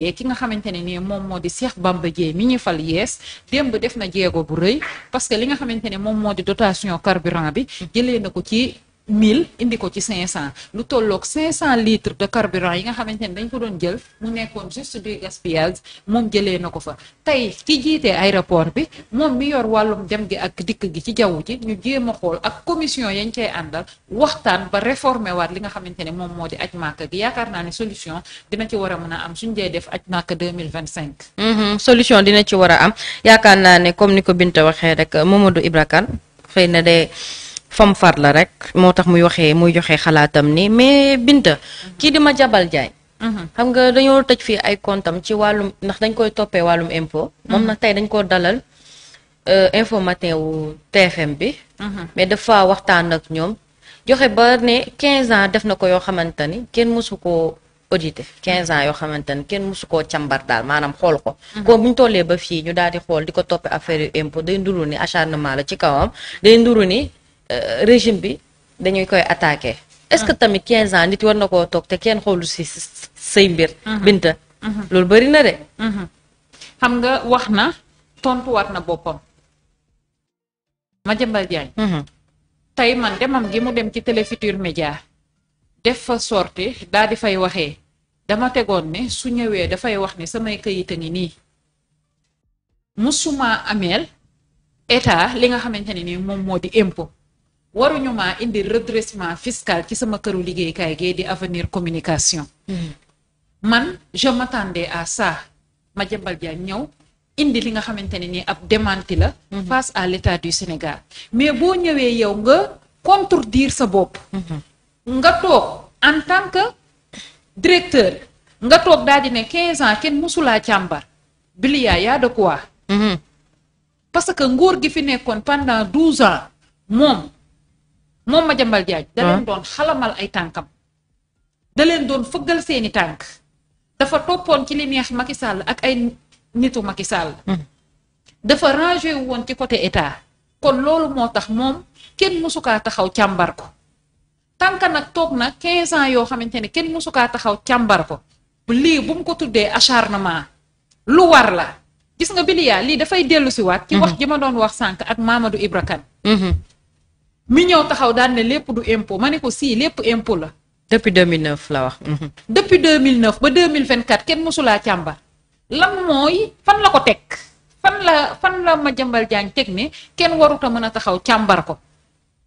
E ki nga xamante ne nii moom moo di Cheikh Bamba Dièye mi ñu fal yees démb def na jéego bu rëy parce que li nga xamante ne moom moo di dotation carburant bi jëlee na ko ci 1000 indi ko ci 500 lu tolloog 500 litres de carburant yi nga xamante ne dañ ko doon jël mu nekkoon juste du gaspillage moom jëlee na ko fa tey ki jiitee aéroport bi moom mi yor wàllum dem gi ak dikk gi ci jaww ji ñu jéem a xool ak commission yañ cay àndal waxtaan ba réformer waat li nga xamante ne moom moo di aj màkk gi yaakaar naa ne solution dina ci war a mën a am suñ dee def aj màkk 2025. Mhm, solution dina ci war am yaakaar naa ne comme ni ko Binta waxee rek Mamadou Ibra Kane xëy na fam far la rek moo tax muy waxee muy joxe xalaatam ni mais Binta kii di ma Madiambal Diagne mhm. xam nga dañoo tëj fii ay comptam ci wàllum ndax dañ koy toppee wàllum impôt mhm. moom na tey dañ ko dalal euh, info matin wu TFM bi mhm. mais dafa waxtaan ak ñoom joxe ba ne 15 ans def na ko yoo xamante ni kenn mësu koo audité quinze ans yoo xamante ni kenn mësu koo càmbar daal maanaam xool ko ko bu ñu tollee ba fii ñu daal di xool di ko toppee affaire yu impôt day nduru ni acharnement la ci kawam day nduru Euh, régime bi dañuy koy attaque est-ce que ah. tamit quinze ans nit war na koo toog te kenn xoolu si say mbir. Mhm. Mhm. Binta. loolu bëri na de. Mhm. xam nga wax na tontu war na boppam. ma Madiambal Diagne. tey man demam gi mu dem ci Télé Futurs Médias def fa sorti daal di fay waxee dama tegoon ni su ñëwee dafay wax ni samay këyit a ngi nii musuma ameel état li nga xamante ne nii moom moo di impo waruñu maa indi redressement fiscal ci sama këru kaay gee di avenir communication. Hmm. man je m'attendais à ça ma jëmbal jaan ñëw indi li nga xamante ne ni ab démenti la. Hmm. face à l'état du Sénégal. mais boo ñëwee yow nga contre contredire sa bopp. Hmm. nga toog en tant que directeur nga toog daal di ne 15 ans kenn mosulaa càmbar. biliyaa yaa de parce que nguur gi fi nekkoon pendant 12 ans moom. moom ma Diagne da leen ah. doon xalamal ay tànkam da leen doon fëggal seeni tànk dafa toppoon ci li neex Macky Sall ak ay nitu Macky Sall hmm. dafa rangé woon ci côté état kon loolu moo tax moom kenn mësukaa taxaw càmbar ko tànk nag toog na 15 ans yoo xamante ne kenn mësukaa taxaw càmbar ko lii bu mu ko tuddee acharnement lu war la gis nga biliyaa lii dafay dellu si waat ci hmm. wax ji ma doon wax sànk ak Mamadou ibrakan hmm. mi ñëw taxaw daan ne lépp du impôt ma ne ko si lépp impôt la. depuis deux 2009 la wax. Mhm. depuis 2009 ba 2024 kenn mosulaa càmbar lan mooy fan la ko teg fan la fan la ma jambal jaañ teg ne kenn warut a mën a taxaw càmbar ko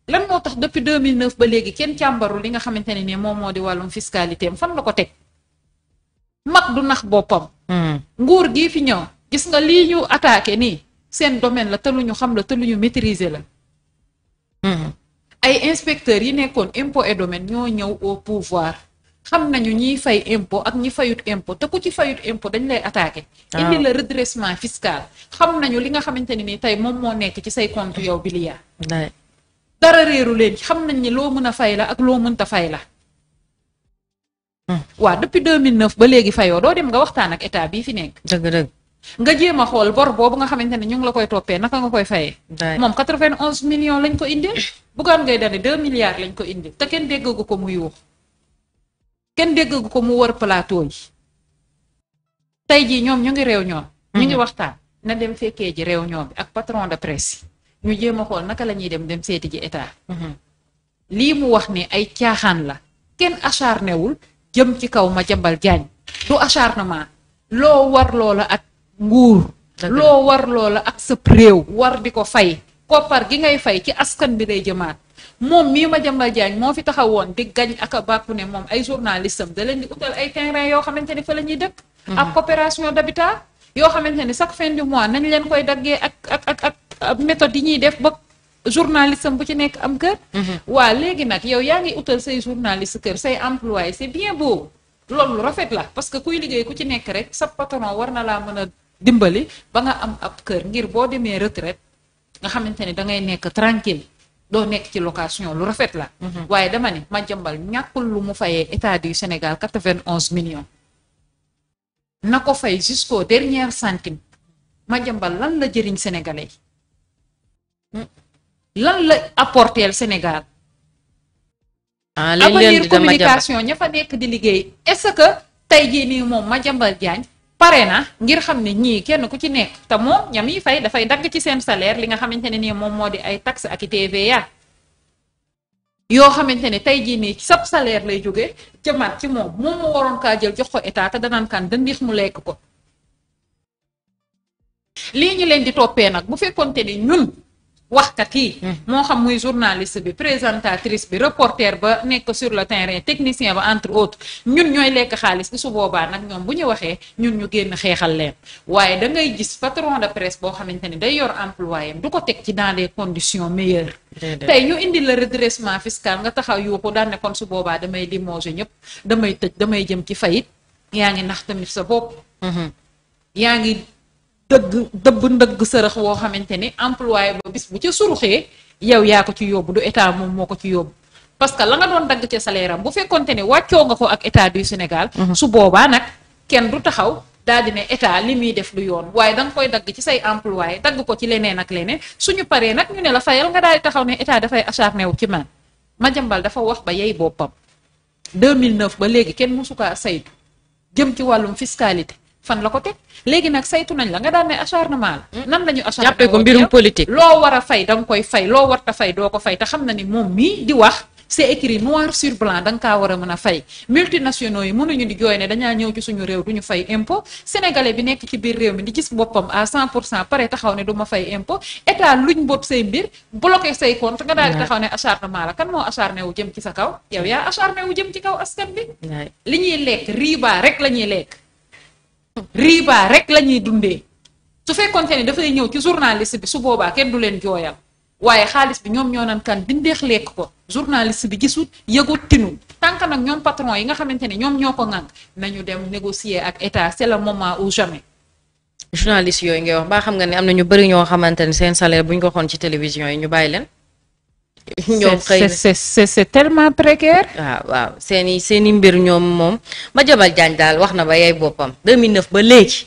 lan moo tax depuis 2009 ba léegi kenn càmbaru li nga xamante ne ni moom moo di wàllum fiscalité am fan la ko teg mag du nax boppam. Mhm. nguur gii fi ñëw gis nga lii ñu attaqué nii seen domaine la te lu ñu xam la te lu ñu maîtriser la. Hmm. ay inspecteurs yi nekkoon impôt et domaine ñoo ñëw o pouvoir xam nañu ñiy fay impôt ak ñi fayut impôt te ku ci fayut impôt dañ lay attaqué ah. indi la redressement fiscal xam nañu li nga xamante ne ni tey moom moo nekk ci say compte yow biliyaa dara réeru leen xam nañ ni loo mën a fay la ak loo mënta fay la hmm. waa depuis 2009 ba léegi fayoo doo dem nga waxtaan ak état bii fi nekk dëgg dëgg nga jéem a xool bor boobu nga xamante ne ñu ngi la koy toppee naka nga koy fayee. moom 91 lañ ko indil. Bougane Gueye Dany 2 milliards lañ ko indil te kenn déggagu ko mu yuux kenn déggagu ko mu wër plateau yi tey jii ñoom ñu ngi réunion. ñu ngi mhm. waxtaan na dem fekkee ji réunion bi ak patron de presse ñu jéem a xool naka la ñuy dem dem seeti ji état. Mhm. lii mu wax ni ay caaxaan la ken acharné wul jëm ci kaw ma jambal jaañ du acharnement loo war loola ak. nguur loo war loola ak sa réew war di ko fay koppar gi ngay fay ci askan bi day jëmaat moom mii ma jambal jaañ moo fi taxawoon di gañ ak a bàpp ne moom ay journalistam da leen di utal ay terrain yoo xamante ni fa la ñuy dëkk mhm. ak coopération d'habitat yoo xamante ni chaque fin mois nañ leen koy daggee ak ak ak méthode yi ñuy def ba journaliste am bu ci nekk am kër mhm. waa léegi nag yow yaa ngi utal say journaliste kër say employé c'est bien boobu loolu rafet la parce que kuy liggéey ku ci nekk rek sa patron war na laa mën a dimbali ba nga am ab kër ngir boo demee retraite nga xamante ne da ngay nekk tranquille doo nekk ci location lu rafet la mhm. waaye dama ne ma Madiambal ñàkkul lu mu fayee état du Sénégal quatre-vingt-onze millions na ko fay jusqu'au dernier ma Madiambal lan la jëriñ sénégalais hmm? lan la apporteel Sénégal ah, avenir communication ña fa nekk di liggéey est-ce que tey jii nii moom jambal Diagne pare na ngir xam ne ñii kenn ku ci nekk te moom ñam yi fay dafay dagg ci seen salaire li nga xamante ne nii moom moo di ay taxe ak i TVA yoo xamante ne tey jii nii sab salaire lay jóge jëmaat ci moom moom mu waroon kaa jël jox ko état te danaan kan dandiix mu lekk ko lii ñu leen di toppee nag bu fekkonte ne ñun waxkat yi. Hmm. moo xam muy journaliste bi présentatrice bi reporter ba nekk sur le terrain technicien ba entre autres ñun ñooy lekk xaalis bi su boobaa nag ñoom bu ñu waxee ñun ñu génn xeexal leen waaye da ngay gis patron de presse boo xamante ni day yor employé du ko teg ci dans des condition meilleures. tey ñu indi la redressement fiscal nga taxaw yuuxu daan ne kon su boobaa damay limoger ñëpp damay tëj damay jëm ci fayit yaa ngi nax tamit sa bopp. Hmm. dëgg dëbb ndëgg sërëx woo xamante ni employé ba bis bu ca suruxee yow yaa ko ci yóbbu du état moom moo ko ci yóbbu parce que la nga doon dagg ca salaire am bu fekkonte ne wàccoo nga ko ak état du Sénégal mhm. su boobaa nag kenn du taxaw daal di ne état li muy def lu yoon waaye da nga koy dagg ci say employé dagg ko ci leneen ak leneen suñu paree nag ñu ne la fayal nga daal di taxaw ne état dafay acharné wu ci man ma Madiambal dafa wax ba yey boppam 2009 ba léegi kenn mosu kaa saytu jëm ci wàllum fiscalité fan la ko teg léegi nag saytu nañ la nga daan ne acharnement la. Mm. nan la ñu acharnement jàppee ko mbirum politique. loo war a fay da nga koy fay loo warta fay fay te xam na ni moom mii di wax. c'est écrit noir sur kaa war a mën a fay multinationaux yi mënuñu di jooy ne dañaa ñëw ci suñu réew du ñu fay impôt sénégalais bi nekk ci biir réew mi di gis boppam à 100 cent pare taxaw ne du ma fay impôt état luñ bopp say mbir bloqué say compte nga daal di taxaw ne acharnement la kan moo acharné wu jëm ci sa kaw yow yaa acharné jëm ci kaw askan bi li ñuy lekk riba rek la ñuy lekk riba rek la ñuy dundee su fekkonte ne dafay ñëw ci journaliste bi su boobaa kenn du leen jooyal waaye xaalis bi ñoom ñoo naan kan dindeex lekk ko journaliste bi gisut yëgut tinu tànk nag ñoom patron yi nga xamante ne ñoom ñoo ko ŋànk nañu dem négocier ak état c'est le moment ou jamais. journaliste yooyu ngay wax ba xam nga ne am na ñu bëri ñoo xamante ne seen salaire bu ko xoon ci télévision yi ñu bàyyi leen. ñoom xëy na c'est tellement précaire. Ah, waaw waaw seen i mbir ñoom moom Madiambal Diagne daal wax na ba yay boppam 2009 ba léegi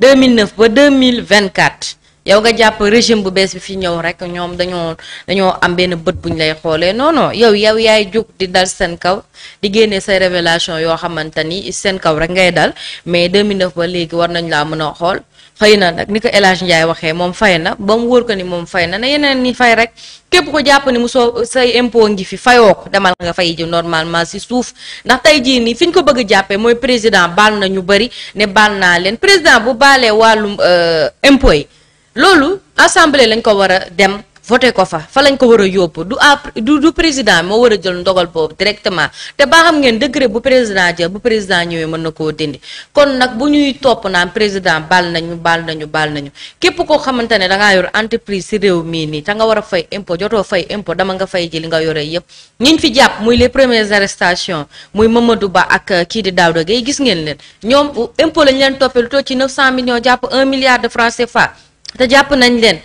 2009 ba 2024 yow nga jàpp régime bu bees bi fi ñëw rek ñoom dañoo dañoo am benn bët bu ñu lay xoolee noono non yow yow yaay jug di dal seen kaw di génne say révélation yoo xamante ni seen kaw rek ngay dal mais deux 2009 ba léegi war nañ laa mën a xool. xëy na nag ni ko élage Hadj Ndiaye waxee moom fay na ba mu wóor ko ni moom fay na na yeneen ni fay rek képp ko jàpp ni mu soo say impôt ngi fi fayoo ko demal nga fay ji normalement si suuf ndax tey jii nii fi ñu ko bëgg jàppee mooy président baal na ñu bëri ne baal naa leen président bu baalee wàllum euh, impôt yi loolu assemblée lañ ko war a dem. voté ko fa fa lañ ko war a yóbbu du du du président moo war a jël ndogal boobu directement te baa xam ngeen décret bu président jël bu président ñëwee mën na koo dindi kon nag bu ñuy topp naan président baal nañu baal nañu baal nañu képp koo xamante ne da ngaa yor entreprise si réew mii nii te nga war a fay impo jotoo fay impôt dama nga fay ji li nga yoree yëpp ñiñ fi jàpp muy les premières arrestations muy Mamadou Ba ak euh, kii di Daouda Gueye gis ngeen leen ñoom euh, impôt lañ leen toppee ci 900 millions jàpp 1 milliard de francs CFA te jàpp nañ leen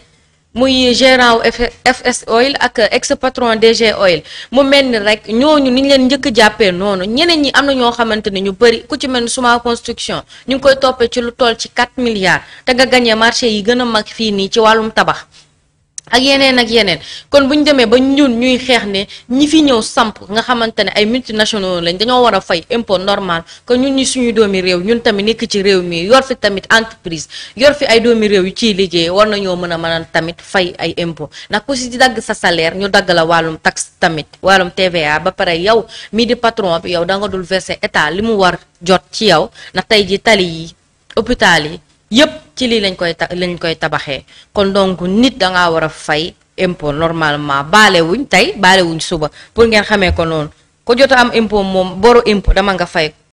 muy gérant FS Oil ak ex patron DG Oil mu mel ni rek ñooñu ni ñu leen njëkk jàppee noonu ñeneen ñi am na ñoo xamante ne ñu bëri ku ci mel ni suma construction ñu ngi koy toppee ci lu toll ci 4 milliards te nga gagné marché yi gën a mag fii nii ci wàllum tabax ak yeneen ak yeneen kon bu ñu demee ba ñun ñuy xeex ne ñi fi ñëw samp nga xamante ne ay multinationaux lañ dañoo war a fay impôt normal que ñun ñi suñu doomi réew ñun tamit nekk ci réew mi yor fi tamit entreprise yor fi ay doomi réew yu ciy liggéey war nañoo mën a mën a tamit fay ay impôt ndax ku si di dagg sa salaire ñu dagg la wàllum tax tamit wàllum TVA ba pare yow mii di patron bi yow da nga dul verser état li mu war jot ci yow ndax tey ji tali yi yëpp ci lii lañ koy ta lañ koy tabaxee kon donc nit dangaa war a fay impôt normalement baalewuñ tey baalewuñ suba pour ngeen xamee ko noonu ko jot am impôt moom boru impôt dama nga fay